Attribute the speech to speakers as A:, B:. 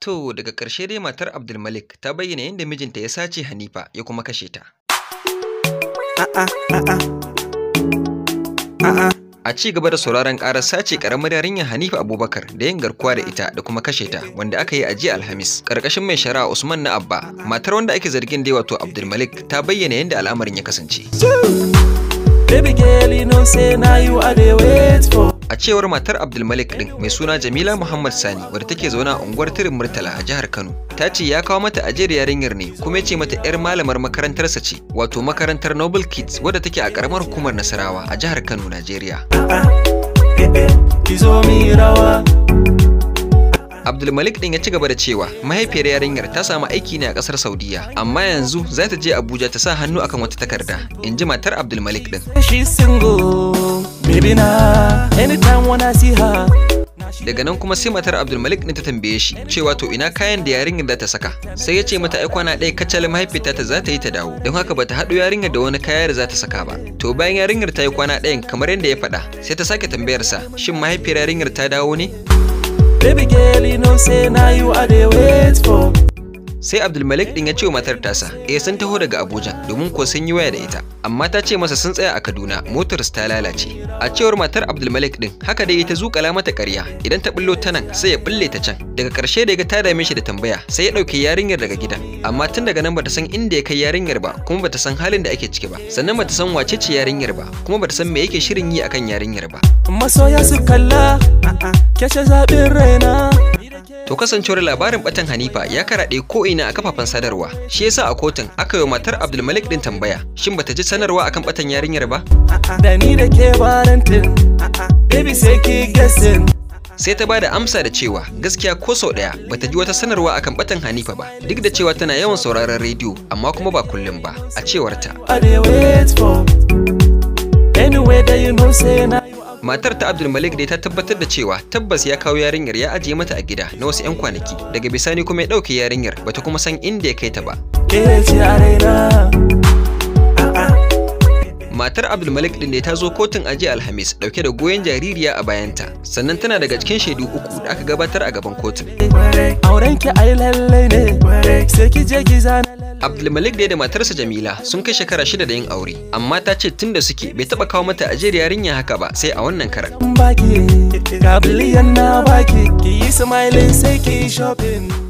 A: To daga ƙarshe dai matar Abdulmalik ta bayyana yadda mijinta ya sace Hanifa ya kuma kashe ta. A ci gaba da sauraron ƙarar sace ƙaramar yarinyar Hanifa Abubakar da yin garkuwa da ita da kuma kashe ta wanda aka yi a jiya Alhamis. Ƙarƙashin mai shara'a Usman na Abba, matar wanda ake zargin dai wato Abdulmalik ta bayyana yadda al'amarin ya kasance. Baby girl, you know say A cewar matar Abdulmalik din mai suna Jamila Muhammad Sani wadda take zaune a unguwar Tirin Murtala a jihar Kano. Ta ce ya kawo mata ajiyar yarinyar ne kuma ya ce mata 'yar malamar makarantarsa ce wato makarantar Noble Kids wadda take a karamar hukumar Nasarawa a jihar Kano, Najeriya. Abdulmalik din ya ci gaba da cewa mahaifiyar yarinyar ta samu aiki ne a kasar Saudiya amma yanzu za ta je Abuja ta sa hannu akan wata takarda in ji matar Abdulmalik din.
B: Baby na anytime when I see her
A: daga nan kuma sai matar abdulmalik ne ta tambaye shi cewa to ina kayan da yarinyar za ta saka sai ya ce mata ai kwana ɗaya kacal mahaifiyata ta za ta yi ta dawo don haka ba ta haɗu yarinyar da wani kaya da za ta saka ba to bayan yarinyar ta yi kwana ɗayan kamar yadda ya faɗa sai ta sake tambayar sa shin mahaifiyar yarinyar ta dawo ne Baby girl, you know say now you are the wait for sai abdulmalik din ya ce wa matar tasa eh sun taho daga abuja domin ko sun yi waya da ita amma ta ce masa sun tsaya a kaduna motar ta lalace a cewar matar abdulmalik din haka dai ita zukala mata ƙarya idan ta bullo ta sai ya bulle ta can daga ƙarshe da ya ta dame shi da tambaya sai ya ɗauki yarinyar daga gidan amma tun daga nan bata san inda ya kai yarinyar ba kuma bata san halin da ake ciki ba sannan bata san wace ce yarinyar ba kuma bata san me yake shirin yi akan yarinyar ba
B: masoya su kalla kashe zaɓin raina
A: To kasancewar labarin batan Hanifa ya karaɗe ko'ina a kafafen sadarwa, shi yasa a kotun aka yi matar Abdulmalik ɗin tambaya, shin bata ji sanarwa akan batan yarinyar ba?
B: Da ni da ke warantin,
A: baby sai ki guessing. sai ta bada amsa da cewa gaskiya ko sau ɗaya bata ji wata sanarwa akan batan Hanifa ba duk da cewa tana yawan sauraron rediyo amma kuma ba kullum ba a cewarta. ta. matar ta abdul malik dai ta tabbatar da cewa tabbas ya kawo yarinyar ya ajiye mata a gida na wasu 'yan kwanaki daga bisani kuma ya ɗauke yarinyar bata kuma san inda ya kai ta ba matar abdulmalik ɗin ne ta zo kotun aji alhamis ɗauke da goyon jaririya a bayanta sannan tana daga cikin shaidu uku da aka gabatar a gaban kotun abdulmalik da da matarsa jamila sun kai shekara shida da yin aure amma ta ce tun da suke bai taba kawo mata ajiyar yarinya haka ba sai a wannan karan
B: Baki, sai ki shopping.